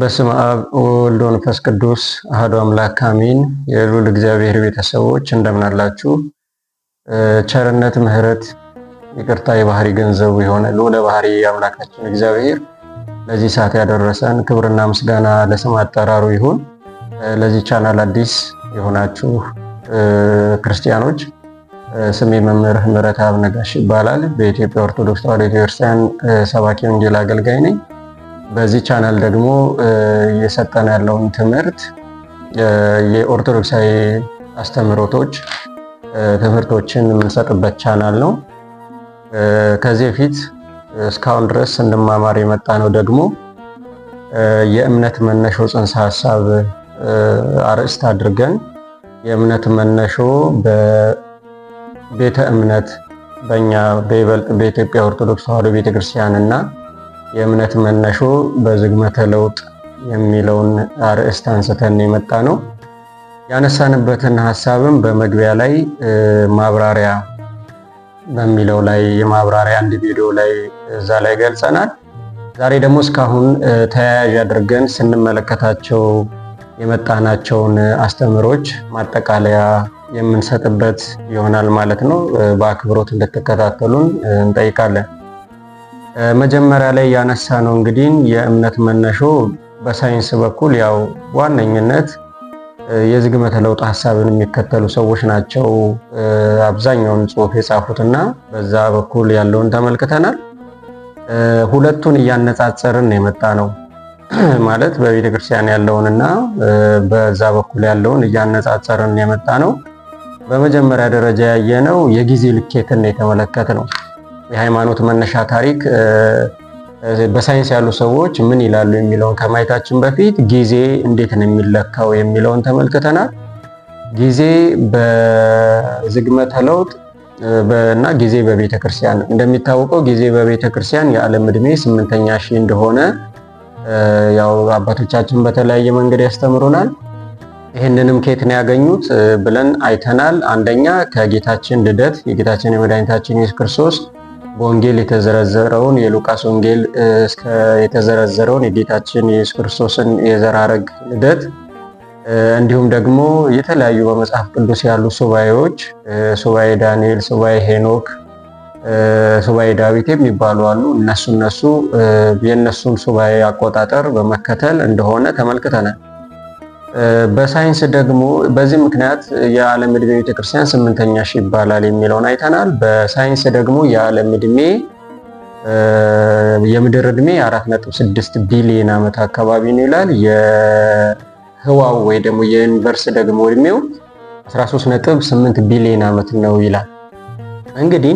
በስም አብ ወወልድ ወመንፈስ ቅዱስ አህዶ አምላክ አሜን። የሉል እግዚአብሔር ቤተሰቦች እንደምናላችሁ ቸርነት፣ ምሕረት፣ ይቅርታ የባህሪ ገንዘቡ የሆነ ልዑለ ባህሪ አምላካችን እግዚአብሔር ለዚህ ሰዓት ያደረሰን ክብርና ምስጋና ለስም አጠራሩ ይሁን። ለዚህ ቻናል አዲስ የሆናችሁ ክርስቲያኖች ስሜ መምህር ምህረት ነጋሽ ይባላል። በኢትዮጵያ ኦርቶዶክስ ተዋሕዶ ቤተክርስቲያን ሰባኪ ወንጌል አገልጋይ ነኝ። በዚህ ቻናል ደግሞ እየሰጠን ያለውን ትምህርት የኦርቶዶክሳዊ አስተምህሮቶች ትምህርቶችን የምንሰጥበት ቻናል ነው። ከዚህ በፊት እስካሁን ድረስ እንድማማር የመጣ ነው ደግሞ የእምነት መነሾ ጽንሰ ሀሳብ አርዕስት አድርገን የእምነት መነሾ በቤተ እምነት በእኛ በይበልጥ በኢትዮጵያ ኦርቶዶክስ ተዋሕዶ ቤተክርስቲያን እና የእምነት መነሾ በዝግመተ ለውጥ የሚለውን አርዕስት አንስተን የመጣ ነው። ያነሳንበትን ሀሳብም በመግቢያ ላይ ማብራሪያ በሚለው ላይ የማብራሪያ አንድ ቪዲዮ ላይ እዛ ላይ ገልጸናል። ዛሬ ደግሞ እስካሁን ተያያዥ አድርገን ስንመለከታቸው የመጣናቸውን አስተምሮች ማጠቃለያ የምንሰጥበት ይሆናል ማለት ነው። በአክብሮት እንድትከታተሉን እንጠይቃለን። መጀመሪያ ላይ ያነሳ ነው እንግዲህ የእምነት መነሾ በሳይንስ በኩል ያው ዋነኝነት የዝግመተ ለውጥ ሀሳብን የሚከተሉ ሰዎች ናቸው አብዛኛውን ጽሁፍ የጻፉትና በዛ በኩል ያለውን ተመልክተናል። ሁለቱን እያነጻጸርን የመጣ ነው ማለት በቤተ ክርስቲያን ያለውንና በዛ በኩል ያለውን እያነጻጸርን የመጣ ነው። በመጀመሪያ ደረጃ ያየነው የጊዜ ልኬትን የተመለከት ነው። የሃይማኖት መነሻ ታሪክ በሳይንስ ያሉ ሰዎች ምን ይላሉ የሚለውን ከማየታችን በፊት ጊዜ እንዴት ነው የሚለካው የሚለውን ተመልክተናል። ጊዜ በዝግመተ ለውጥ እና ጊዜ በቤተ ክርስቲያን እንደሚታወቀው ጊዜ በቤተ ክርስቲያን የዓለም ዕድሜ ስምንተኛ ሺህ እንደሆነ ያው አባቶቻችን በተለያየ መንገድ ያስተምሩናል። ይህንንም ኬት ነው ያገኙት ብለን አይተናል። አንደኛ ከጌታችን ልደት የጌታችን የመድኃኒታችን ኢየሱስ ክርስቶስ በወንጌል የተዘረዘረውን የሉቃስ ወንጌል የተዘረዘረውን የጌታችን የኢየሱስ ክርስቶስን የዘር ሐረግ ልደት እንዲሁም ደግሞ የተለያዩ በመጽሐፍ ቅዱስ ያሉ ሱባኤዎች ሱባኤ ዳንኤል፣ ሱባኤ ሄኖክ፣ ሱባኤ ዳዊት የሚባሉ አሉ። እነሱ እነሱ የእነሱን ሱባኤ አቆጣጠር በመከተል እንደሆነ ተመልክተናል። በሳይንስ ደግሞ በዚህ ምክንያት የዓለም ዕድሜ ቤተክርስቲያን ስምንተኛ ሺህ ይባላል የሚለውን አይተናል። በሳይንስ ደግሞ የዓለም ዕድሜ የምድር ዕድሜ 4.6 ቢሊዮን ዓመት አካባቢ ነው ይላል። የህዋው ወይ ደግሞ የዩኒቨርስ ደግሞ ዕድሜው 13.8 ቢሊዮን ዓመት ነው ይላል። እንግዲህ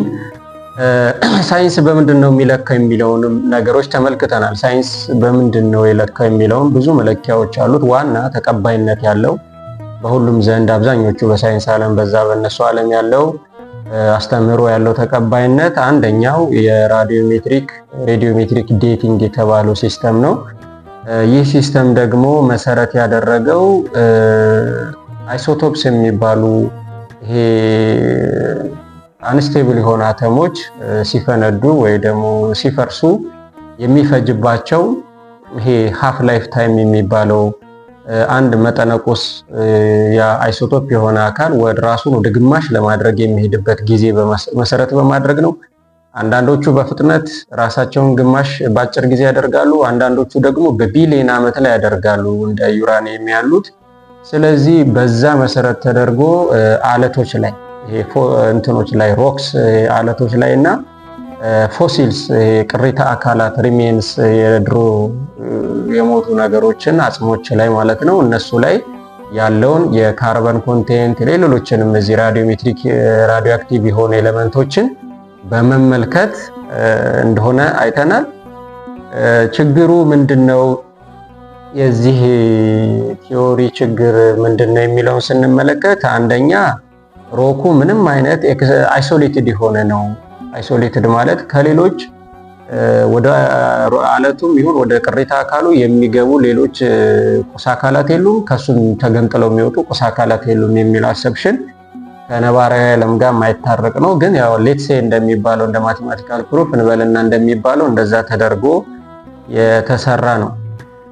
ሳይንስ በምንድን ነው የሚለካው የሚለውንም ነገሮች ተመልክተናል። ሳይንስ በምንድን ነው የለካው የሚለውን ብዙ መለኪያዎች አሉት። ዋና ተቀባይነት ያለው በሁሉም ዘንድ አብዛኞቹ በሳይንስ ዓለም በዛ በእነሱ ዓለም ያለው አስተምህሮ ያለው ተቀባይነት አንደኛው የራዲዮሜትሪክ ሬዲዮሜትሪክ ዴቲንግ የተባለው ሲስተም ነው። ይህ ሲስተም ደግሞ መሰረት ያደረገው አይሶቶፕስ የሚባሉ ይሄ አንስቴብል የሆኑ አተሞች ሲፈነዱ ወይ ደግሞ ሲፈርሱ የሚፈጅባቸው ይሄ ሃፍ ላይፍ ታይም የሚባለው አንድ መጠነቁስ የአይሶቶፕ የሆነ አካል ወደ ራሱን ወደ ግማሽ ለማድረግ የሚሄድበት ጊዜ መሰረት በማድረግ ነው። አንዳንዶቹ በፍጥነት ራሳቸውን ግማሽ በአጭር ጊዜ ያደርጋሉ። አንዳንዶቹ ደግሞ በቢሊየን ዓመት ላይ ያደርጋሉ እንደ ዩራኒየም ያሉት። ስለዚህ በዛ መሰረት ተደርጎ አለቶች ላይ እንትኖች ላይ ሮክስ አለቶች ላይ እና ፎሲልስ ቅሪተ አካላት ሪሜንስ የድሮ የሞቱ ነገሮችን አጽሞች ላይ ማለት ነው። እነሱ ላይ ያለውን የካርበን ኮንቴንት ሌሎችንም እዚህ ራዲዮሜትሪክ ራዲዮ አክቲቭ የሆኑ ኤሌመንቶችን በመመልከት እንደሆነ አይተናል። ችግሩ ምንድን ነው? የዚህ ቲዮሪ ችግር ምንድን ነው የሚለውን ስንመለከት አንደኛ ሮኩ ምንም አይነት አይሶሌትድ የሆነ ነው። አይሶሌትድ ማለት ከሌሎች ወደ አለቱም ይሁን ወደ ቅሪታ አካሉ የሚገቡ ሌሎች ቁስ አካላት የሉም፣ ከሱም ተገንጥለው የሚወጡ ቁስ አካላት የሉም የሚል አሰብሽን ከነባራዊ ዓለም ጋር የማይታረቅ ነው። ግን ያው ሌትሴ እንደሚባለው እንደ ማቴማቲካል ፕሩፍ እንበልና እንደሚባለው እንደዛ ተደርጎ የተሰራ ነው።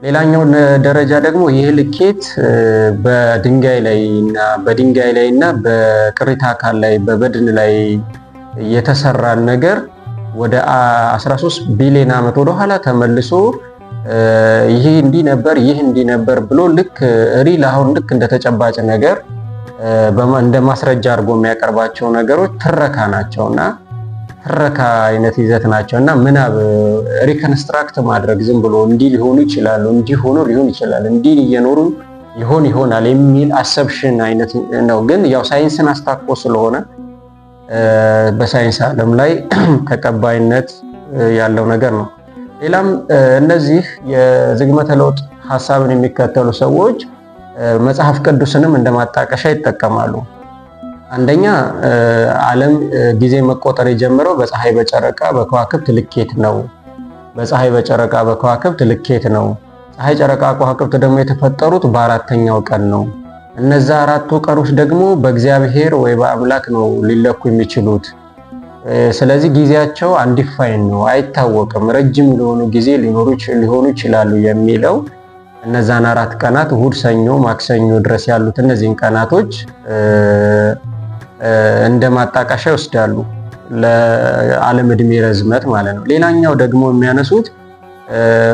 ሌላኛው ደረጃ ደግሞ ይህ ልኬት በድንጋይ ላይ እና በድንጋይ ላይ እና በቅሪተ አካል ላይ በበድን ላይ የተሰራን ነገር ወደ 13 ቢሊዮን ዓመት ወደኋላ ተመልሶ ይህ እንዲህ ነበር ይህ እንዲህ ነበር ብሎ ልክ ሪል አሁን ልክ እንደ ተጨባጭ ነገር እንደ ማስረጃ አድርጎ የሚያቀርባቸው ነገሮች ትረካ ናቸውና ትረካ አይነት ይዘት ናቸው እና ምናብ ሪኮንስትራክት ማድረግ ዝም ብሎ እንዲህ ሊሆኑ ይችላሉ፣ እንዲህ ሆኖ ሊሆን ይችላል፣ እንዲህ እየኖሩ ይሆን ይሆናል የሚል አሰብሽን አይነት ነው። ግን ያው ሳይንስን አስታቆ ስለሆነ በሳይንስ ዓለም ላይ ተቀባይነት ያለው ነገር ነው። ሌላም እነዚህ የዝግመተ ለውጥ ሀሳብን የሚከተሉ ሰዎች መጽሐፍ ቅዱስንም እንደ ማጣቀሻ ይጠቀማሉ። አንደኛ ዓለም ጊዜ መቆጠር የጀመረው በፀሐይ በጨረቃ በከዋክብት ልኬት ነው። በፀሐይ በጨረቃ በከዋክብት ልኬት ነው። ፀሐይ፣ ጨረቃ፣ ከዋክብት ደግሞ የተፈጠሩት በአራተኛው ቀን ነው። እነዛ አራቱ ቀኖች ደግሞ በእግዚአብሔር ወይ በአምላክ ነው ሊለኩ የሚችሉት። ስለዚህ ጊዜያቸው አንዲፋይን ነው፣ አይታወቅም። ረጅም ሊሆኑ ጊዜ ሊሆኑ ይችላሉ የሚለው እነዛን አራት ቀናት እሁድ፣ ሰኞ፣ ማክሰኞ ድረስ ያሉት እነዚህን ቀናቶች እንደ ማጣቀሻ ይወስዳሉ ለዓለም ዕድሜ ረዝመት ማለት ነው። ሌላኛው ደግሞ የሚያነሱት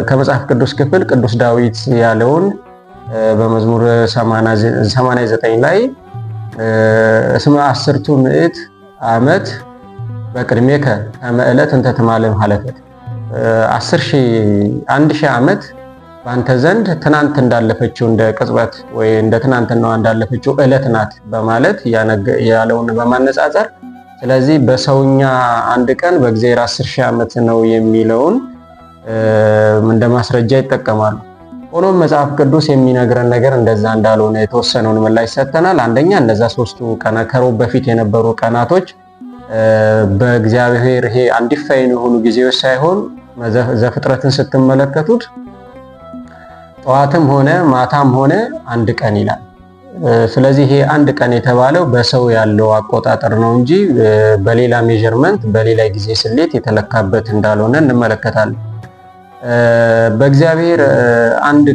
ከመጽሐፍ ቅዱስ ክፍል ቅዱስ ዳዊት ያለውን በመዝሙር 89 ላይ እስመ አስርቱ ምዕት ዓመት በቅድሜከ ከመዕለት እንተ ትማልም ሀለፈት አንድ ሺህ ዓመት በአንተ ዘንድ ትናንት እንዳለፈችው እንደ ቅጽበት ወይ እንደ ትናንትናዋ እንዳለፈችው እለት ናት በማለት ያለውን በማነጻጸር ስለዚህ በሰውኛ አንድ ቀን በእግዚአብሔር አስር ሺህ ዓመት ነው የሚለውን እንደ ማስረጃ ይጠቀማሉ። ሆኖም መጽሐፍ ቅዱስ የሚነግረን ነገር እንደዛ እንዳልሆነ የተወሰነውን ምላሽ ሰጥተናል። አንደኛ እነዛ ሶስቱ ቀና ከሮብ በፊት የነበሩ ቀናቶች በእግዚአብሔር ይሄ አንዲፋይን የሆኑ ጊዜዎች ሳይሆን ዘፍጥረትን ስትመለከቱት ጠዋትም ሆነ ማታም ሆነ አንድ ቀን ይላል። ስለዚህ ይሄ አንድ ቀን የተባለው በሰው ያለው አቆጣጠር ነው እንጂ በሌላ ሜዥርመንት በሌላ ጊዜ ስሌት የተለካበት እንዳልሆነ እንመለከታለን። በእግዚአብሔር አንድ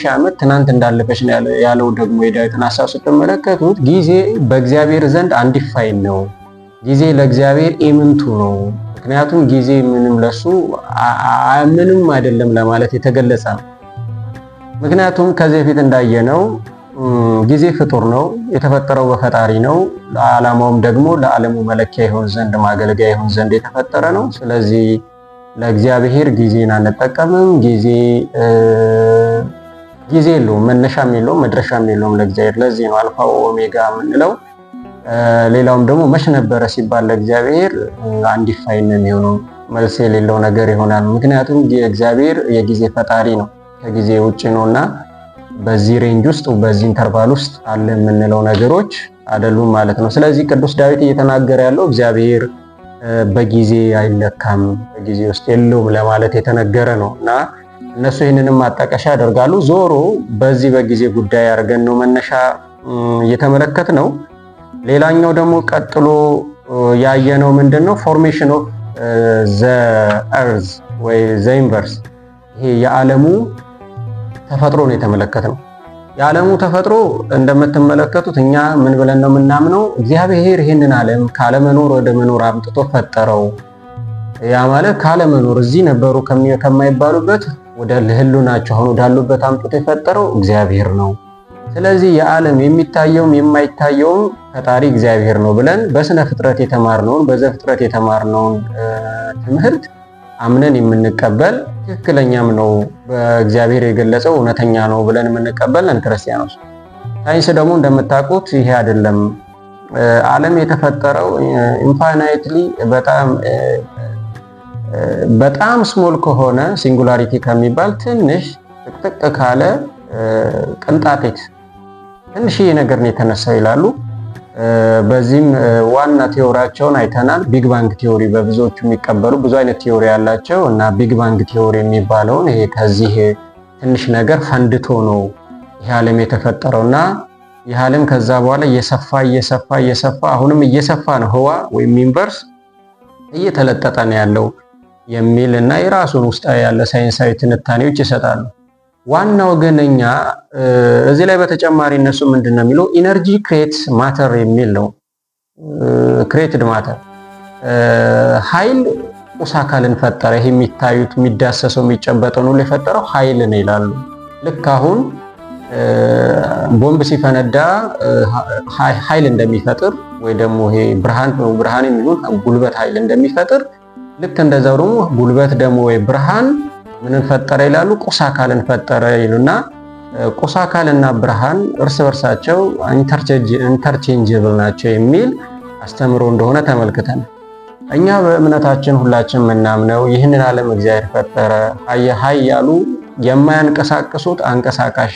ሺህ ዓመት ትናንት እንዳለፈች ያለው ደግሞ የዳዊትን ሀሳብ ስትመለከቱት ጊዜ በእግዚአብሔር ዘንድ አንዲት ፋይል ነው። ጊዜ ለእግዚአብሔር ኢምንቱ ነው። ምክንያቱም ጊዜ ምንም ለሱ ምንም አይደለም ለማለት የተገለጸ ነው። ምክንያቱም ከዚህ በፊት እንዳየነው ጊዜ ፍጡር ነው፣ የተፈጠረው በፈጣሪ ነው። ለዓላማውም ደግሞ ለዓለሙ መለኪያ ይሆን ዘንድ ማገልገያ ይሆን ዘንድ የተፈጠረ ነው። ስለዚህ ለእግዚአብሔር ጊዜን አንጠቀምም። ጊዜ ጊዜ የለውም፣ መነሻም የለውም፣ መድረሻም የለውም ለእግዚአብሔር። ለዚህ ነው አልፋ ኦሜጋ የምንለው። ሌላውም ደግሞ መች ነበረ ሲባል ለእግዚአብሔር አንድ ፋይን የሚሆነው፣ መልስ የሌለው ነገር ይሆናል። ምክንያቱም እግዚአብሔር የጊዜ ፈጣሪ ነው። ከጊዜ ውጭ ነው እና በዚህ ሬንጅ ውስጥ በዚህ ኢንተርቫል ውስጥ አለ የምንለው ነገሮች አይደሉም ማለት ነው። ስለዚህ ቅዱስ ዳዊት እየተናገረ ያለው እግዚአብሔር በጊዜ አይለካም፣ በጊዜ ውስጥ የለውም ለማለት የተነገረ ነው እና እነሱ ይህንንም ማጣቀሻ ያደርጋሉ። ዞሮ በዚህ በጊዜ ጉዳይ አድርገን ነው መነሻ እየተመለከት ነው። ሌላኛው ደግሞ ቀጥሎ ያየነው ምንድን ነው? ፎርሜሽን ኦፍ ዘ ኤርዝ ወይ ዘ ዩኒቨርስ ይሄ የዓለሙ ተፈጥሮን የተመለከት ነው። የዓለሙ ተፈጥሮ እንደምትመለከቱት እኛ ምን ብለን ነው የምናምነው? እግዚአብሔር ይህንን ዓለም ካለመኖር ወደ መኖር አምጥቶ ፈጠረው። ያ ማለት ካለመኖር እዚህ ነበሩ ከማይባሉበት ወደ ልህሉናቸው አሁን ወዳሉበት አምጥቶ የፈጠረው እግዚአብሔር ነው። ስለዚህ የዓለም የሚታየውም የማይታየውም ፈጣሪ እግዚአብሔር ነው ብለን በስነ ፍጥረት የተማርነውን በዘፍጥረት የተማርነውን ትምህርት አምነን የምንቀበል ትክክለኛም ነው በእግዚአብሔር የገለጸው እውነተኛ ነው ብለን የምንቀበል ነን ክርስቲያኖች። ሳይንስ ደግሞ እንደምታውቁት ይሄ አይደለም። ዓለም የተፈጠረው ኢንፋናይትሊ በጣም በጣም ስሞል ከሆነ ሲንጉላሪቲ ከሚባል ትንሽ ጥቅጥቅ ካለ ቅንጣቴት ትንሽ ነገር ነው የተነሳው ይላሉ። በዚህም ዋና ቴዎሪያቸውን አይተናል። ቢግ ባንግ ቴዎሪ በብዙዎቹ የሚቀበሉ ብዙ አይነት ቴዎሪ ያላቸው እና ቢግ ባንግ ቴዎሪ የሚባለውን ይሄ ከዚህ ትንሽ ነገር ፈንድቶ ነው ይህ ዓለም የተፈጠረው እና ይህ ዓለም ከዛ በኋላ እየሰፋ እየሰፋ እየሰፋ አሁንም እየሰፋ ነው ህዋ ወይም ዩኒቨርስ እየተለጠጠ ነው ያለው የሚል እና የራሱን ውስጣዊ ያለ ሳይንሳዊ ትንታኔዎች ይሰጣሉ። ዋናው ግን እኛ እዚህ ላይ በተጨማሪ እነሱ ምንድን ነው የሚለው ኢነርጂ ክሬት ማተር የሚል ነው። ክሬትድ ማተር ኃይል ቁስ አካልን ፈጠረ። ይሄ የሚታዩት የሚዳሰሰው የሚጨበጠው ነው የፈጠረው ኃይል ነው ይላሉ። ልክ አሁን ቦምብ ሲፈነዳ ኃይል እንደሚፈጥር ወይ ደግሞ ይሄ ብርሃን ብርሃን የሚሆን ጉልበት ኃይል እንደሚፈጥር ልክ እንደዛው ደግሞ ጉልበት ደግሞ ወይ ብርሃን ምንን ፈጠረ ይላሉ? ቁስ አካልን ፈጠረ ይሉና ቁስ አካልና ብርሃን እርስ በርሳቸው ኢንተርቼንጀብል ናቸው የሚል አስተምሮ እንደሆነ ተመልክተን እኛ በእምነታችን ሁላችን የምናምነው ይህንን ዓለም እግዚአብሔር ፈጠረ ያሉ የማያንቀሳቅሱት አንቀሳቃሽ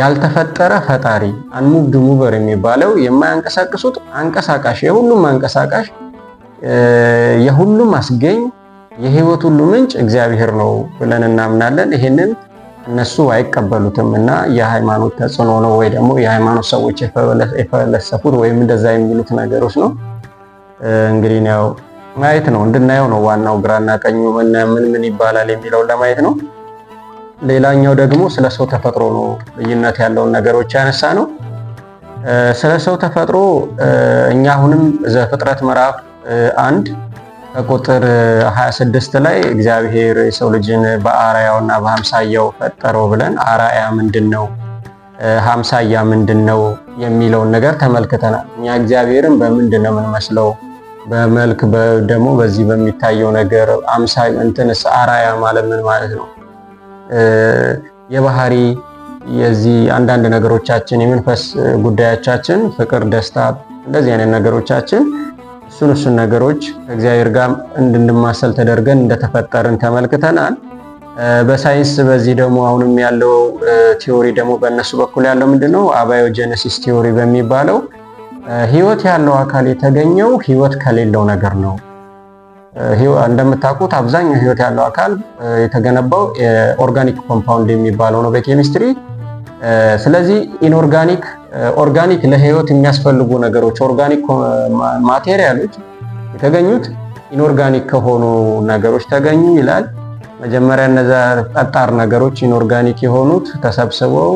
ያልተፈጠረ ፈጣሪ አንሙቭድ ሙቨር የሚባለው የማያንቀሳቅሱት አንቀሳቃሽ የሁሉም አንቀሳቃሽ የሁሉም አስገኝ የህይወት ሁሉ ምንጭ እግዚአብሔር ነው ብለን እናምናለን። ይህንን እነሱ አይቀበሉትም እና የሃይማኖት ተጽዕኖ ነው ወይ ደግሞ የሃይማኖት ሰዎች የፈለሰፉት ወይም እንደዛ የሚሉት ነገሮች ነው። እንግዲህ ያው ማየት ነው እንድናየው ነው ዋናው ግራና ቀኙ ምን ምን ይባላል የሚለውን ለማየት ነው። ሌላኛው ደግሞ ስለ ሰው ተፈጥሮ ነው ልዩነት ያለውን ነገሮች ያነሳ ነው። ስለ ሰው ተፈጥሮ እኛ አሁንም ዘፍጥረት ምዕራፍ አንድ ከቁጥር 26 ላይ እግዚአብሔር የሰው ልጅን በአርአያውና በሀምሳያው ፈጠረው ብለን አራያ ምንድን ነው ሀምሳያ ምንድን ነው የሚለውን ነገር ተመልክተናል። እኛ እግዚአብሔርን በምንድን ነው የምንመስለው? በመልክ ደግሞ በዚህ በሚታየው ነገር አምሳ እንትንስ አራያ ማለት ምን ማለት ነው? የባህሪ የዚህ አንዳንድ ነገሮቻችን የመንፈስ ጉዳዮቻችን፣ ፍቅር፣ ደስታ እንደዚህ አይነት ነገሮቻችን እሱን እሱን ነገሮች ከእግዚአብሔር ጋር እንድንማሰል ተደርገን እንደተፈጠርን ተመልክተናል። በሳይንስ በዚህ ደግሞ አሁንም ያለው ቲዎሪ ደግሞ በእነሱ በኩል ያለው ምንድን ነው? አባዮጀነሲስ ቲዮሪ በሚባለው ህይወት ያለው አካል የተገኘው ህይወት ከሌለው ነገር ነው። እንደምታውቁት አብዛኛው ህይወት ያለው አካል የተገነባው ኦርጋኒክ ኮምፓውንድ የሚባለው ነው በኬሚስትሪ ስለዚህ ኢንኦርጋኒክ፣ ኦርጋኒክ ለህይወት የሚያስፈልጉ ነገሮች ኦርጋኒክ ማቴሪያሎች የተገኙት ኢንኦርጋኒክ ከሆኑ ነገሮች ተገኙ ይላል። መጀመሪያ እነዛ ጠጣር ነገሮች ኢንኦርጋኒክ የሆኑት ተሰብስበው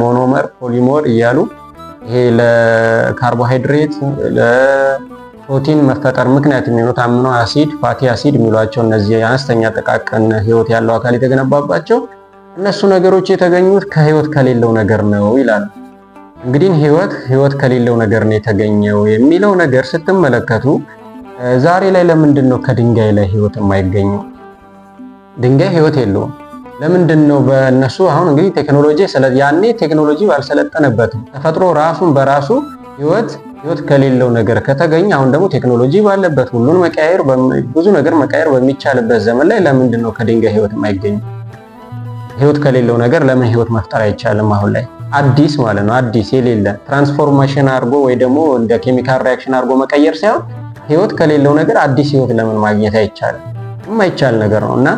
ሞኖመር፣ ፖሊሞር እያሉ ይሄ ለካርቦሃይድሬት ለፕሮቲን መፈጠር ምክንያት የሚሆኑት አሚኖ አሲድ፣ ፋቲ አሲድ የሚሏቸው እነዚህ አነስተኛ ጥቃቅን ህይወት ያለው አካል የተገነባባቸው እነሱ ነገሮች የተገኙት ከህይወት ከሌለው ነገር ነው ይላሉ። እንግዲህ ህይወት ህይወት ከሌለው ነገር ነው የተገኘው የሚለው ነገር ስትመለከቱ ዛሬ ላይ ለምንድን ነው ከድንጋይ ላይ ህይወት የማይገኘው? ድንጋይ ህይወት የለውም። ለምንድን ነው በእነሱ አሁን እንግዲህ ቴክኖሎጂ ያኔ ቴክኖሎጂ ባልሰለጠነበትም ተፈጥሮ ራሱን በራሱ ህይወት ህይወት ከሌለው ነገር ከተገኘ አሁን ደግሞ ቴክኖሎጂ ባለበት ሁሉን መቀያየር ብዙ ነገር መቀየር በሚቻልበት ዘመን ላይ ለምንድን ነው ከድንጋይ ህይወት የማይገኘው? ህይወት ከሌለው ነገር ለምን ህይወት መፍጠር አይቻልም? አሁን ላይ አዲስ ማለት ነው አዲስ የሌለ ትራንስፎርሜሽን አድርጎ ወይ ደግሞ እንደ ኬሚካል ሪያክሽን አድርጎ መቀየር ሳይሆን ህይወት ከሌለው ነገር አዲስ ህይወት ለምን ማግኘት አይቻልም? የማይቻል ነገር ነው እና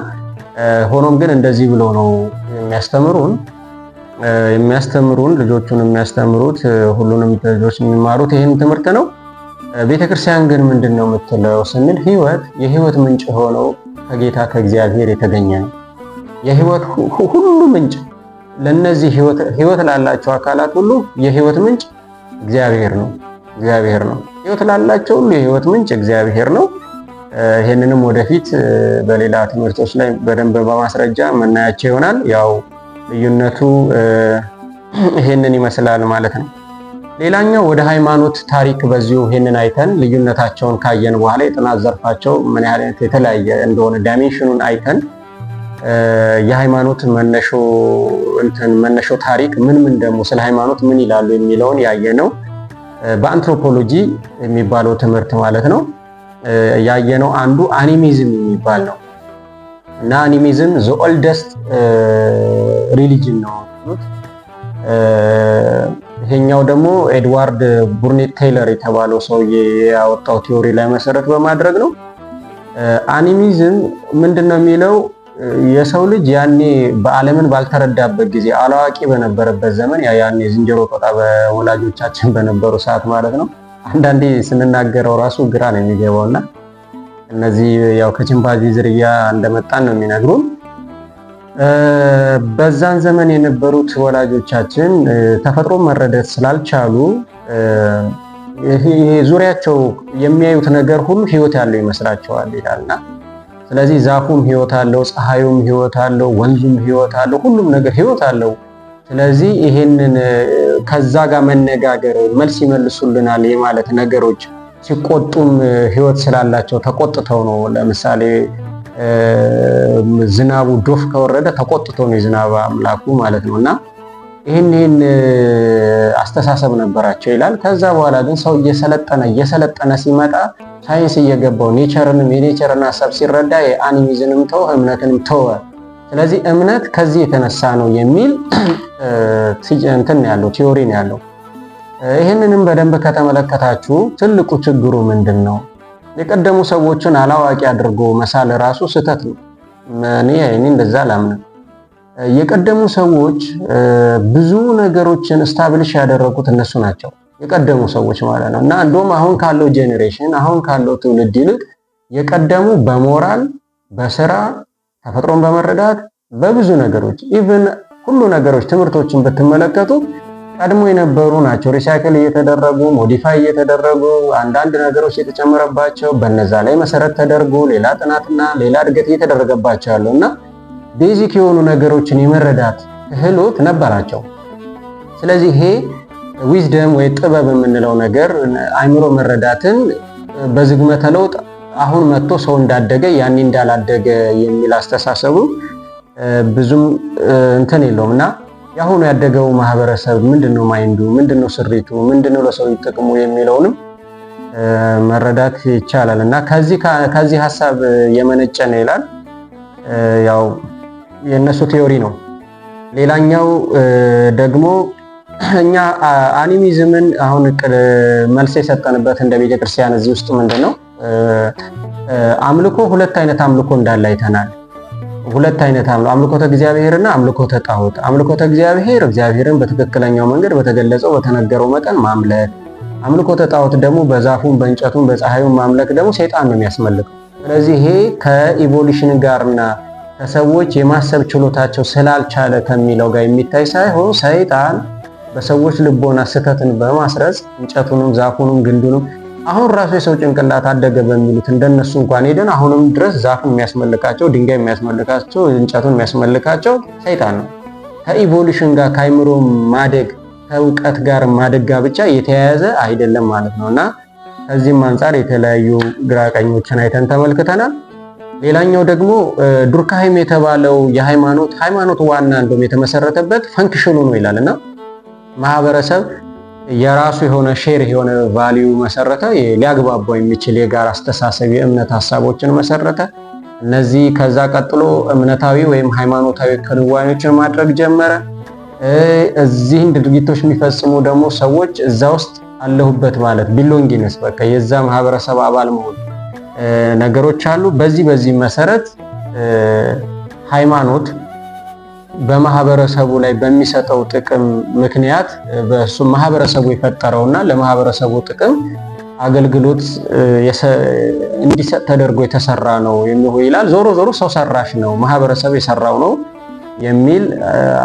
ሆኖም ግን እንደዚህ ብሎ ነው የሚያስተምሩን የሚያስተምሩን ልጆቹን የሚያስተምሩት ሁሉንም ልጆች የሚማሩት ይህን ትምህርት ነው። ቤተክርስቲያን ግን ምንድን ነው የምትለው ስንል ህይወት የህይወት ምንጭ ሆነው ከጌታ ከእግዚአብሔር የተገኘ ነው። የህይወት ሁሉ ምንጭ ለነዚህ ህይወት ላላቸው አካላት ሁሉ የህይወት ምንጭ እግዚአብሔር ነው። እግዚአብሔር ነው። ህይወት ላላቸው ሁሉ የህይወት ምንጭ እግዚአብሔር ነው። ይህንንም ወደፊት በሌላ ትምህርቶች ላይ በደንብ በማስረጃ መናያቸው ይሆናል። ያው ልዩነቱ ይህንን ይመስላል ማለት ነው። ሌላኛው ወደ ሃይማኖት ታሪክ በዚሁ ይህንን አይተን ልዩነታቸውን ካየን በኋላ የጥናት ዘርፋቸው ምን ያህል የተለያየ እንደሆነ ዳይሜንሽኑን አይተን የሃይማኖት መነሾ እንትን መነሾ ታሪክ ምን ምን ደግሞ ስለ ሃይማኖት ምን ይላሉ የሚለውን ያየነው በአንትሮፖሎጂ የሚባለው ትምህርት ማለት ነው። ያየነው አንዱ አኒሚዝም የሚባል ነው እና አኒሚዝም ዘ ኦልደስት ሪሊጅን ነው። ይሄኛው ደግሞ ኤድዋርድ ቡርኔት ቴይለር የተባለው ሰውዬ ያወጣው ቲዎሪ ላይ መሰረት በማድረግ ነው። አኒሚዝም ምንድን ነው የሚለው የሰው ልጅ ያኔ በዓለምን ባልተረዳበት ጊዜ አላዋቂ በነበረበት ዘመን ያ ያኔ ዝንጀሮ ጦጣ በወላጆቻችን በነበሩ ሰዓት ማለት ነው። አንዳንዴ ስንናገረው ራሱ ግራ ነው የሚገባውና እነዚህ ያው ከቺምፓንዚ ዝርያ እንደመጣን ነው የሚነግሩን። በዛን ዘመን የነበሩት ወላጆቻችን ተፈጥሮ መረደት ስላልቻሉ ይሄ ዙሪያቸው የሚያዩት ነገር ሁሉ ህይወት ያለው ይመስላቸዋል ይላልና ስለዚህ ዛፉም ህይወት አለው፣ ፀሐዩም ህይወት አለው፣ ወንዙም ህይወት አለው፣ ሁሉም ነገር ህይወት አለው። ስለዚህ ይሄንን ከዛ ጋር መነጋገር መልስ ይመልሱልናል የማለት ነገሮች ሲቆጡም ህይወት ስላላቸው ተቆጥተው ነው። ለምሳሌ ዝናቡ ዶፍ ከወረደ ተቆጥቶ ነው የዝናብ አምላኩ ማለት ነው እና ይህን ይህን አስተሳሰብ ነበራቸው ይላል። ከዛ በኋላ ግን ሰው እየሰለጠነ እየሰለጠነ ሲመጣ ሳይንስ እየገባው ኔቸርንም የኔቸርን ሀሳብ ሲረዳ የአኒሚዝንም ተው እምነትንም ተወ። ስለዚህ እምነት ከዚህ የተነሳ ነው የሚል እንትን ያለው ቲዮሪ ነው ያለው። ይህንንም በደንብ ከተመለከታችሁ ትልቁ ችግሩ ምንድን ነው? የቀደሙ ሰዎችን አላዋቂ አድርጎ መሳል ራሱ ስህተት ነው። እኔ እንደዛ ላምንም የቀደሙ ሰዎች ብዙ ነገሮችን ስታብልሽ ያደረጉት እነሱ ናቸው፣ የቀደሙ ሰዎች ማለት ነው። እና እንደውም አሁን ካለው ጄኔሬሽን አሁን ካለው ትውልድ ይልቅ የቀደሙ በሞራል በስራ ተፈጥሮን በመረዳት በብዙ ነገሮች ኢቭን ሁሉ ነገሮች ትምህርቶችን ብትመለከቱ ቀድሞ የነበሩ ናቸው። ሪሳይክል እየተደረጉ ሞዲፋይ እየተደረጉ አንዳንድ ነገሮች የተጨመረባቸው በነዛ ላይ መሰረት ተደርጎ ሌላ ጥናትና ሌላ እድገት እየተደረገባቸው ያለው እና ቤዚክ የሆኑ ነገሮችን የመረዳት ክህሎት ነበራቸው። ስለዚህ ይሄ ዊዝደም ወይ ጥበብ የምንለው ነገር አይምሮ መረዳትን በዝግመተ ለውጥ አሁን መጥቶ ሰው እንዳደገ ያኔ እንዳላደገ የሚል አስተሳሰቡ ብዙም እንትን የለውም እና የአሁኑ ያደገው ማህበረሰብ ምንድነው ማይንዱ፣ ምንድነው ስሪቱ፣ ምንድነው ለሰው ይጠቅሙ የሚለውንም መረዳት ይቻላል እና ከዚህ ሀሳብ የመነጨ ነው ይላል ያው የእነሱ ቴዎሪ ነው። ሌላኛው ደግሞ እኛ አኒሚዝምን አሁን መልስ የሰጠንበት እንደ ቤተ ክርስቲያን እዚህ ውስጥ ምንድን ነው አምልኮ ሁለት አይነት አምልኮ እንዳለ አይተናል። ሁለት አይነት አምልኮ አምልኮተ እግዚአብሔርና አምልኮተ ጣዖት። አምልኮተ እግዚአብሔር እግዚአብሔርን በትክክለኛው መንገድ በተገለጸው በተነገረው መጠን ማምለክ፣ አምልኮተ ጣዖት ደግሞ በዛፉን በእንጨቱን በፀሐዩን ማምለክ ደግሞ ሰይጣን ነው የሚያስመልከው። ስለዚህ ይሄ ከኢቮሉሽን ጋርና ከሰዎች የማሰብ ችሎታቸው ስላልቻለ ከሚለው ጋር የሚታይ ሳይሆን ሰይጣን በሰዎች ልቦና ስህተትን በማስረጽ እንጨቱንም ዛፉንም ግንዱንም አሁን ራሱ የሰው ጭንቅላት አደገ በሚሉት እንደነሱ እንኳን ሄደን አሁንም ድረስ ዛፉን የሚያስመልካቸው ድንጋይ የሚያስመልካቸው እንጨቱን የሚያስመልካቸው ሰይጣን ነው። ከኢቮሉሽን ጋር ከአይምሮ ማደግ ከእውቀት ጋር ማደግ ጋር ብቻ የተያያዘ አይደለም ማለት ነው እና ከዚህም አንጻር የተለያዩ ግራቀኞችን አይተን ተመልክተናል። ሌላኛው ደግሞ ዱርካሄም የተባለው የሃይማኖት ሃይማኖት ዋና እንደውም የተመሰረተበት ፈንክሽኑ ነው ይላል እና ማህበረሰብ የራሱ የሆነ ሼር የሆነ ቫሊዩ መሰረተ፣ ሊያግባባው የሚችል የጋራ አስተሳሰብ የእምነት ሀሳቦችን መሰረተ። እነዚህ ከዛ ቀጥሎ እምነታዊ ወይም ሃይማኖታዊ ክንዋኔዎችን ማድረግ ጀመረ። እዚህን ድርጊቶች የሚፈጽሙ ደግሞ ሰዎች እዛ ውስጥ አለሁበት ማለት ቢሎንጊነስ በቃ የዛ ማህበረሰብ አባል መሆን ነገሮች አሉ። በዚህ በዚህ መሰረት ሃይማኖት በማህበረሰቡ ላይ በሚሰጠው ጥቅም ምክንያት በሱ ማህበረሰቡ የፈጠረውና ለማህበረሰቡ ጥቅም አገልግሎት እንዲሰጥ ተደርጎ የተሰራ ነው የሚሆ ይላል። ዞሮ ዞሮ ሰው ሰራሽ ነው፣ ማህበረሰብ የሰራው ነው የሚል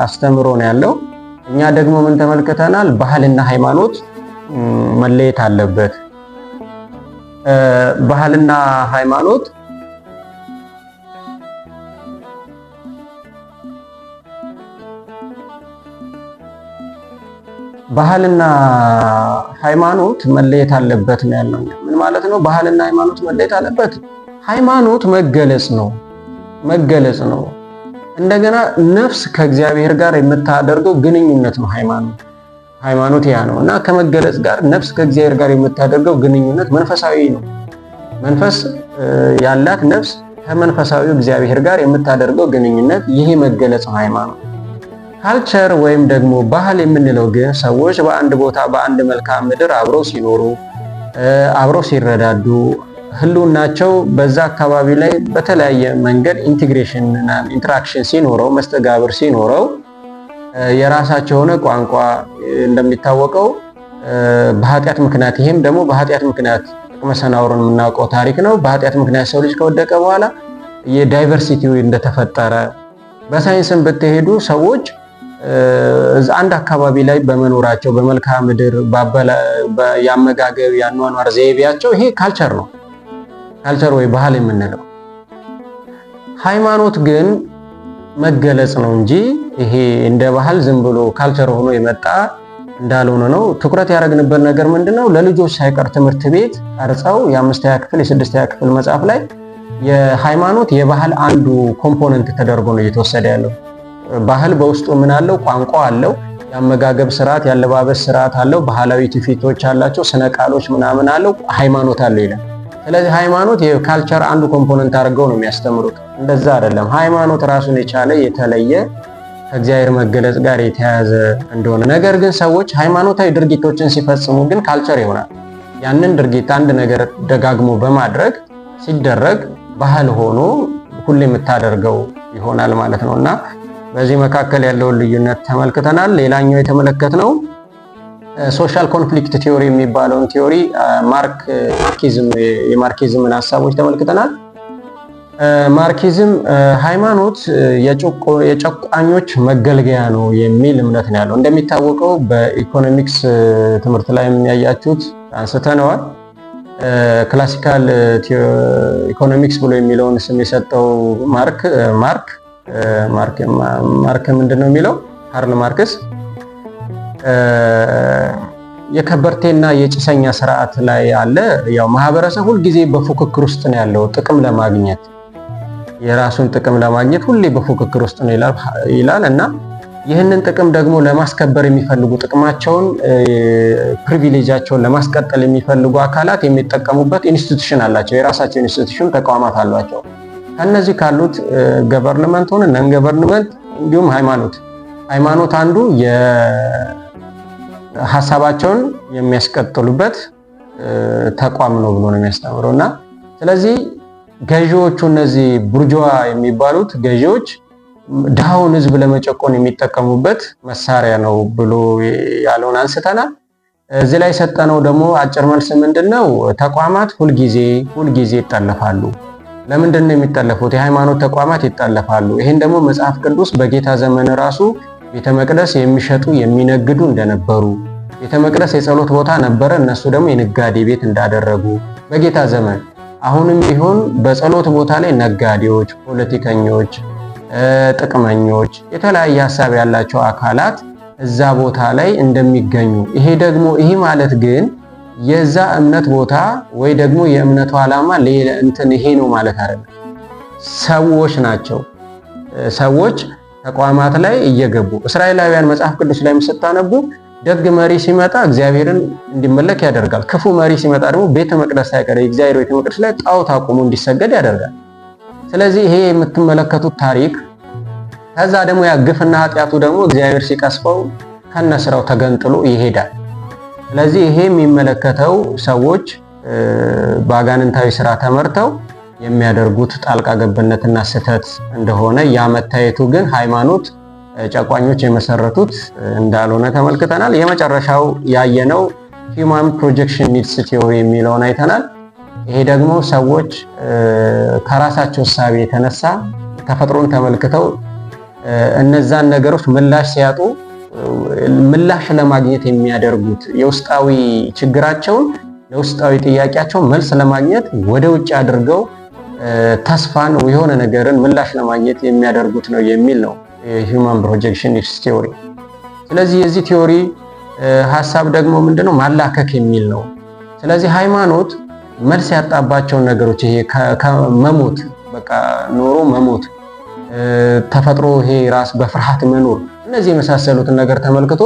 አስተምሮ ነው ያለው። እኛ ደግሞ ምን ተመልክተናል? ባህልና ሃይማኖት መለየት አለበት ባህልና ሃይማኖት ባህልና ሃይማኖት መለየት አለበት ነው ያለው። ምን ማለት ነው? ባህልና ሃይማኖት መለየት አለበት። ሃይማኖት መገለጽ ነው መገለጽ ነው። እንደገና ነፍስ ከእግዚአብሔር ጋር የምታደርገው ግንኙነት ነው ሃይማኖት ሃይማኖት ያ ነው እና ከመገለጽ ጋር ነፍስ ከእግዚአብሔር ጋር የምታደርገው ግንኙነት መንፈሳዊ ነው። መንፈስ ያላት ነፍስ ከመንፈሳዊ እግዚአብሔር ጋር የምታደርገው ግንኙነት ይሄ መገለጽ ነው ሃይማኖት። ካልቸር ወይም ደግሞ ባህል የምንለው ግን ሰዎች በአንድ ቦታ በአንድ መልክዓ ምድር አብረው ሲኖሩ፣ አብረው ሲረዳዱ ህልውናቸው በዛ አካባቢ ላይ በተለያየ መንገድ ኢንቴግሬሽንና ኢንትራክሽን ሲኖረው መስተጋብር ሲኖረው የራሳቸው የሆነ ቋንቋ እንደሚታወቀው በኃጢአት ምክንያት ይህም ደግሞ በኃጢአት ምክንያት ጥቅመ የምናውቀው ታሪክ ነው። በኃጢአት ምክንያት ሰው ልጅ ከወደቀ በኋላ የዳይቨርሲቲ እንደተፈጠረ በሳይንስን ብትሄዱ ሰዎች አንድ አካባቢ ላይ በመኖራቸው በመልክዓ ምድር፣ የአመጋገብ የአኗኗር ዘይቤያቸው ይሄ ካልቸር ነው። ካልቸር ወይ ባህል የምንለው ሃይማኖት ግን መገለጽ ነው እንጂ ይሄ እንደ ባህል ዝም ብሎ ካልቸር ሆኖ የመጣ እንዳልሆነ ነው። ትኩረት ያደረግንበት ነገር ምንድነው ነው? ለልጆች ሳይቀር ትምህርት ቤት ቀርጸው የአምስተኛ ክፍል የስድስተኛ ክፍል መጽሐፍ ላይ የሃይማኖት የባህል አንዱ ኮምፖነንት ተደርጎ ነው እየተወሰደ ያለው። ባህል በውስጡ ምን አለው? ቋንቋ አለው፣ የአመጋገብ ስርዓት፣ ያለባበስ ስርዓት አለው፣ ባህላዊ ትውፊቶች አላቸው፣ ስነ ቃሎች ምናምን አለው፣ ሃይማኖት አለው ይላል። ስለዚህ ሃይማኖት የካልቸር አንዱ ኮምፖነንት አድርገው ነው የሚያስተምሩት። እንደዛ አይደለም። ሃይማኖት ራሱን የቻለ የተለየ ከእግዚአብሔር መገለጽ ጋር የተያያዘ እንደሆነ ነገር ግን ሰዎች ሃይማኖታዊ ድርጊቶችን ሲፈጽሙ ግን ካልቸር ይሆናል። ያንን ድርጊት አንድ ነገር ደጋግሞ በማድረግ ሲደረግ ባህል ሆኖ ሁሌ የምታደርገው ይሆናል ማለት ነው እና በዚህ መካከል ያለውን ልዩነት ተመልክተናል። ሌላኛው የተመለከትነው ሶሻል ኮንፍሊክት ቲዮሪ የሚባለውን ቲዮሪ ማርክሲዝም የማርኪዝምን ሀሳቦች ተመልክተናል። ማርኪዝም ሃይማኖት የጨቋኞች መገልገያ ነው የሚል እምነት ነው ያለው። እንደሚታወቀው በኢኮኖሚክስ ትምህርት ላይ የሚያያችሁት አንስተነዋል። ክላሲካል ኢኮኖሚክስ ብሎ የሚለውን ስም የሰጠው ማርክ ማርክ ማርክ ምንድን ነው የሚለው ካርል ማርክስ የከበርቴና የጭሰኛ ስርዓት ላይ ያለ ያው ማህበረሰብ ሁልጊዜ በፉክክር ውስጥ ነው ያለው ጥቅም ለማግኘት የራሱን ጥቅም ለማግኘት ሁሌ በፉክክር ውስጥ ነው ይላል እና ይህንን ጥቅም ደግሞ ለማስከበር የሚፈልጉ ጥቅማቸውን ፕሪቪሌጃቸውን ለማስቀጠል የሚፈልጉ አካላት የሚጠቀሙበት ኢንስቲቱሽን አላቸው። የራሳቸው ኢንስቲቱሽን ተቋማት አሏቸው። ከነዚህ ካሉት ገቨርንመንት ሆነ ነን ገቨርንመንት እንዲሁም ሃይማኖት ሃይማኖት አንዱ ሀሳባቸውን የሚያስቀጥሉበት ተቋም ነው ብሎ ነው የሚያስተምረው እና ስለዚህ ገዢዎቹ እነዚህ ቡርጅዋ የሚባሉት ገዢዎች ድሃውን ህዝብ ለመጨቆን የሚጠቀሙበት መሳሪያ ነው ብሎ ያለውን አንስተናል። እዚህ ላይ የሰጠነው ደግሞ አጭር መልስ ምንድን ነው? ተቋማት ሁልጊዜ ሁልጊዜ ይጠለፋሉ። ለምንድን ነው የሚጠለፉት? የሃይማኖት ተቋማት ይጠለፋሉ። ይህን ደግሞ መጽሐፍ ቅዱስ በጌታ ዘመን ራሱ ቤተ መቅደስ የሚሸጡ የሚነግዱ እንደነበሩ ቤተ መቅደስ የጸሎት ቦታ ነበረ፣ እነሱ ደግሞ የነጋዴ ቤት እንዳደረጉ በጌታ ዘመን አሁንም ቢሆን በጸሎት ቦታ ላይ ነጋዴዎች፣ ፖለቲከኞች፣ ጥቅመኞች፣ የተለያየ ሀሳብ ያላቸው አካላት እዛ ቦታ ላይ እንደሚገኙ ይሄ ደግሞ ይሄ ማለት ግን የዛ እምነት ቦታ ወይ ደግሞ የእምነቱ ዓላማ ሌላ እንትን ይሄ ነው ማለት አይደለም። ሰዎች ናቸው ሰዎች ተቋማት ላይ እየገቡ እስራኤላውያን መጽሐፍ ቅዱስ ላይ ስታነቡ ደግ መሪ ሲመጣ እግዚአብሔርን እንዲመለክ ያደርጋል። ክፉ መሪ ሲመጣ ደግሞ ቤተ መቅደስ ሳይቀር የእግዚአብሔር ቤተ መቅደስ ላይ ጣዖት አቁሞ እንዲሰገድ ያደርጋል። ስለዚህ ይሄ የምትመለከቱት ታሪክ ከዛ ደግሞ ያ ግፍና ኃጢአቱ ደግሞ እግዚአብሔር ሲቀስፈው ከነስራው ተገንጥሎ ይሄዳል። ስለዚህ ይሄ የሚመለከተው ሰዎች በአጋንንታዊ ስራ ተመርተው የሚያደርጉት ጣልቃ ገብነትና ስህተት እንደሆነ ያ መታየቱ ግን ሃይማኖት ጨቋኞች የመሰረቱት እንዳልሆነ ተመልክተናል። የመጨረሻው ያየነው ሂውማን ፕሮጀክሽን ኒድስ ቲዮሪ የሚለውን አይተናል። ይሄ ደግሞ ሰዎች ከራሳቸው እሳቤ የተነሳ ተፈጥሮን ተመልክተው እነዛን ነገሮች ምላሽ ሲያጡ ምላሽ ለማግኘት የሚያደርጉት የውስጣዊ ችግራቸውን ለውስጣዊ ጥያቄያቸው መልስ ለማግኘት ወደ ውጭ አድርገው ተስፋን የሆነ ነገርን ምላሽ ለማግኘት የሚያደርጉት ነው የሚል ነው ሂውማን ፕሮጀክሽኒስት ቴዎሪ። ስለዚህ የዚህ ቲዮሪ ሀሳብ ደግሞ ምንድነው? ማላከክ የሚል ነው። ስለዚህ ሃይማኖት መልስ ያጣባቸውን ነገሮች ይሄ ከመሞት በቃ ኖሮ መሞት፣ ተፈጥሮ ይሄ ራስ በፍርሃት መኖር፣ እነዚህ የመሳሰሉትን ነገር ተመልክቶ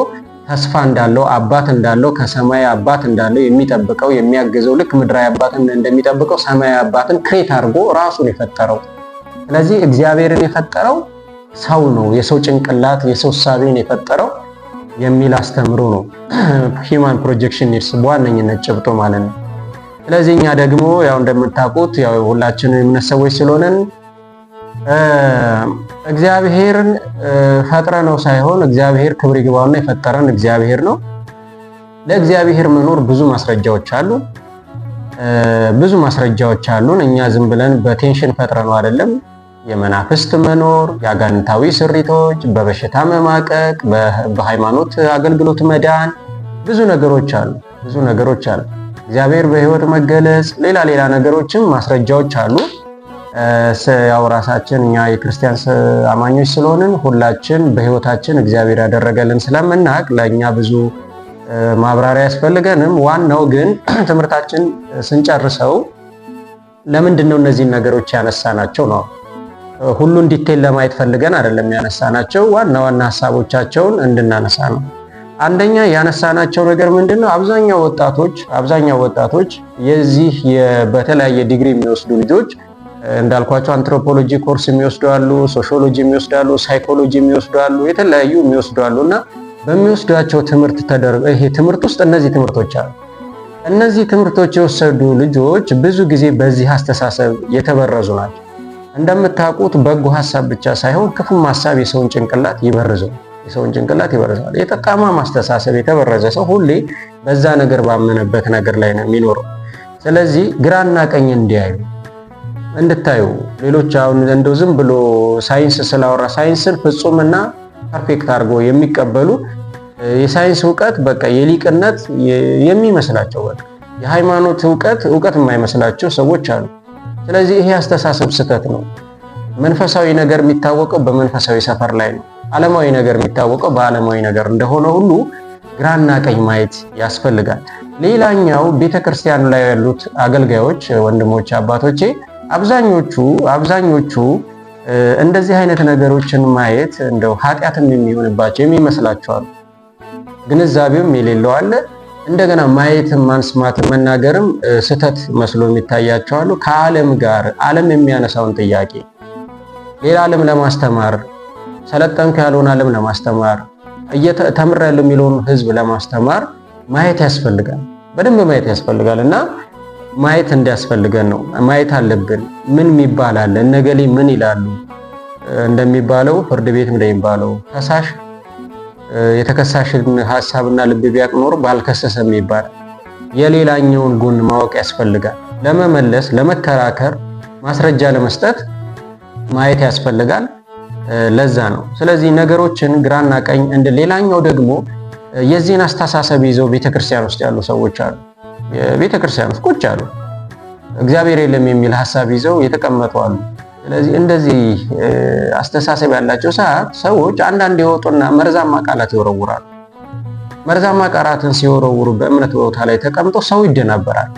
ተስፋ እንዳለው አባት እንዳለው ከሰማይ አባት እንዳለው የሚጠብቀው የሚያግዘው ልክ ምድራዊ አባትን እንደሚጠብቀው ሰማያዊ አባትን ክሬት አድርጎ ራሱን የፈጠረው። ስለዚህ እግዚአብሔርን የፈጠረው ሰው ነው። የሰው ጭንቅላት የሰው ሳቢን የፈጠረው የሚል አስተምሮ ነው። ሂማን ፕሮጀክሽን ኒድስ በዋነኝነት ጭብጦ ማለት ነው። ስለዚህ እኛ ደግሞ ያው እንደምታውቁት ያው ሁላችንም የእምነት ሰዎች ስለሆነን እግዚአብሔርን ፈጥረ ነው ሳይሆን እግዚአብሔር ክብር ይግባውና የፈጠረን እግዚአብሔር ነው። ለእግዚአብሔር መኖር ብዙ ማስረጃዎች አሉ፣ ብዙ ማስረጃዎች አሉን። እኛ ዝም ብለን በቴንሽን ፈጥረ ነው አይደለም። የመናፍስት መኖር፣ የአጋንንታዊ ስሪቶች፣ በበሽታ መማቀቅ፣ በሃይማኖት አገልግሎት መዳን፣ ብዙ ነገሮች አሉ፣ ብዙ ነገሮች አሉ። እግዚአብሔር በህይወት መገለጽ፣ ሌላ ሌላ ነገሮችም ማስረጃዎች አሉ። ያው ራሳችን እኛ የክርስቲያን አማኞች ስለሆንን ሁላችን በህይወታችን እግዚአብሔር ያደረገልን ስለምናቅ ለእኛ ብዙ ማብራሪያ ያስፈልገንም። ዋናው ግን ትምህርታችን ስንጨርሰው ለምንድን ነው እነዚህን ነገሮች ያነሳናቸው ነው። ሁሉን ዲቴል ለማየት ፈልገን አይደለም ያነሳናቸው፣ ዋና ዋና ሀሳቦቻቸውን እንድናነሳ ነው። አንደኛ ያነሳናቸው ነገር ምንድን ነው? አብዛኛው ወጣቶች አብዛኛው ወጣቶች የዚህ በተለያየ ዲግሪ የሚወስዱ ልጆች እንዳልኳቸው አንትሮፖሎጂ ኮርስ የሚወስዳሉ፣ ሶሺዮሎጂ የሚወስዳሉ፣ ሳይኮሎጂ የሚወስዳሉ፣ የተለያዩ የሚወስዳሉ እና በሚወስዷቸው ትምህርት ተደርገው ይሄ ትምህርት ውስጥ እነዚህ ትምህርቶች አሉ። እነዚህ ትምህርቶች የወሰዱ ልጆች ብዙ ጊዜ በዚህ አስተሳሰብ የተበረዙ ናቸው። እንደምታውቁት በጎ ሀሳብ ብቻ ሳይሆን ክፉም ሀሳብ የሰውን ጭንቅላት ይበርዛል። የሰውን ጭንቅላት ይበረዛል። የጠቃማ ማስተሳሰብ የተበረዘ ሰው ሁሌ በዛ ነገር ባመነበት ነገር ላይ ነው የሚኖረው። ስለዚህ ግራና ቀኝ እንዲያዩ እንድታዩ ሌሎች አሁን እንደው ዝም ብሎ ሳይንስ ስላወራ ሳይንስን ፍጹምና ፐርፌክት አድርጎ የሚቀበሉ የሳይንስ እውቀት በቃ የሊቅነት የሚመስላቸው በቃ የሃይማኖት እውቀት እውቀት የማይመስላቸው ሰዎች አሉ። ስለዚህ ይሄ አስተሳሰብ ስህተት ነው። መንፈሳዊ ነገር የሚታወቀው በመንፈሳዊ ሰፈር ላይ ነው። ዓለማዊ ነገር የሚታወቀው በዓለማዊ ነገር እንደሆነ ሁሉ ግራና ቀኝ ማየት ያስፈልጋል። ሌላኛው ቤተክርስቲያን ላይ ያሉት አገልጋዮች ወንድሞች፣ አባቶቼ አብዛኞቹ አብዛኞቹ እንደዚህ አይነት ነገሮችን ማየት እንደው ኃጢአትም የሚሆንባቸው የሚመስላቸዋል። ግንዛቤውም የሌለው አለ። እንደገና ማየትም ማንስማትም መናገርም ስህተት መስሎ የሚታያቸዋሉ። ከዓለም ጋር ዓለም የሚያነሳውን ጥያቄ ሌላ ዓለም ለማስተማር ሰለጠንኩ ያለውን ዓለም ለማስተማር ተምሬያለሁ የሚለውን ህዝብ ለማስተማር ማየት ያስፈልጋል። በደንብ ማየት ያስፈልጋል እና ማየት እንዲያስፈልገን ነው። ማየት አለብን። ምን የሚባል አለ፣ እነገሌ ምን ይላሉ እንደሚባለው ፍርድ ቤት እንደሚባለው ከሳሽ የተከሳሽን ሀሳብና ልብ ቢያቅ ኖሮ ባልከሰሰ የሚባል የሌላኛውን ጎን ማወቅ ያስፈልጋል። ለመመለስ፣ ለመከራከር፣ ማስረጃ ለመስጠት ማየት ያስፈልጋል። ለዛ ነው ስለዚህ ነገሮችን ግራና ቀኝ እንደ ሌላኛው ደግሞ የዚህን አስተሳሰብ ይዘው ቤተክርስቲያን ውስጥ ያሉ ሰዎች አሉ። የቤተ ክርስቲያን ቁጭ አሉ። እግዚአብሔር የለም የሚል ሀሳብ ይዘው የተቀመጡ አሉ። ስለዚህ እንደዚህ አስተሳሰብ ያላቸው ሰዓት ሰዎች አንዳንድ የወጡና መርዛማ ቃላት ይወረውራሉ። መርዛማ ቃላትን ሲወረውሩ በእምነት ቦታ ላይ ተቀምጦ ሰው ይደናበራል።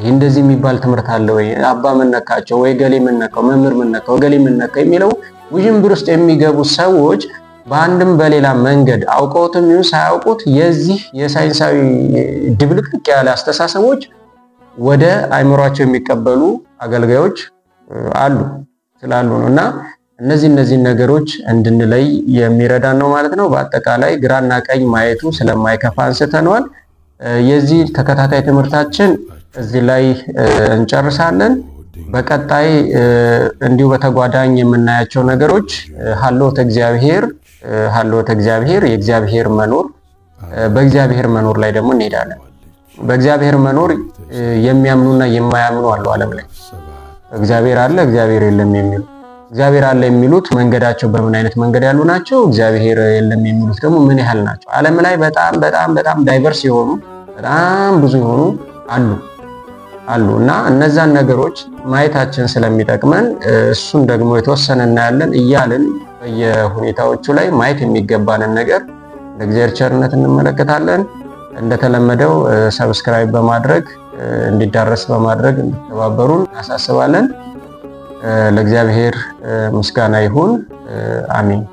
ይህ እንደዚህ የሚባል ትምህርት አለ ወይ? አባ መነካቸው ወይ ገሌ ምነካው፣ መምህር መነካው፣ ገሌ መነካው የሚለው ውዥንብር ውስጥ የሚገቡ ሰዎች በአንድም በሌላ መንገድ አውቀውትም ይሁን ሳያውቁት የዚህ የሳይንሳዊ ድብልቅቅ ያለ አስተሳሰቦች ወደ አይምሯቸው የሚቀበሉ አገልጋዮች አሉ ስላሉ ነው እና እነዚህ እነዚህን ነገሮች እንድንለይ የሚረዳን ነው ማለት ነው። በአጠቃላይ ግራና ቀኝ ማየቱ ስለማይከፋ አንስተነዋል። የዚህ ተከታታይ ትምህርታችን እዚህ ላይ እንጨርሳለን። በቀጣይ እንዲሁ በተጓዳኝ የምናያቸው ነገሮች ሀልወተ እግዚአብሔር ሀልወተ እግዚአብሔር የእግዚአብሔር መኖር፣ በእግዚአብሔር መኖር ላይ ደግሞ እንሄዳለን። በእግዚአብሔር መኖር የሚያምኑና የማያምኑ አለው ዓለም ላይ እግዚአብሔር አለ፣ እግዚአብሔር የለም የሚሉ እግዚአብሔር አለ የሚሉት መንገዳቸው በምን አይነት መንገድ ያሉ ናቸው? እግዚአብሔር የለም የሚሉት ደግሞ ምን ያህል ናቸው? ዓለም ላይ በጣም በጣም በጣም ዳይቨርስ የሆኑ በጣም ብዙ የሆኑ አሉ። አሉ እና እነዛን ነገሮች ማየታችን ስለሚጠቅመን እሱን ደግሞ የተወሰነ እናያለን እያልን በየሁኔታዎቹ ላይ ማየት የሚገባንን ነገር እንደ እግዚአብሔር ቸርነት እንመለከታለን። እንደተለመደው ሰብስክራይብ በማድረግ እንዲዳረስ በማድረግ እንዲተባበሩን እናሳስባለን። ለእግዚአብሔር ምስጋና ይሁን። አሚን።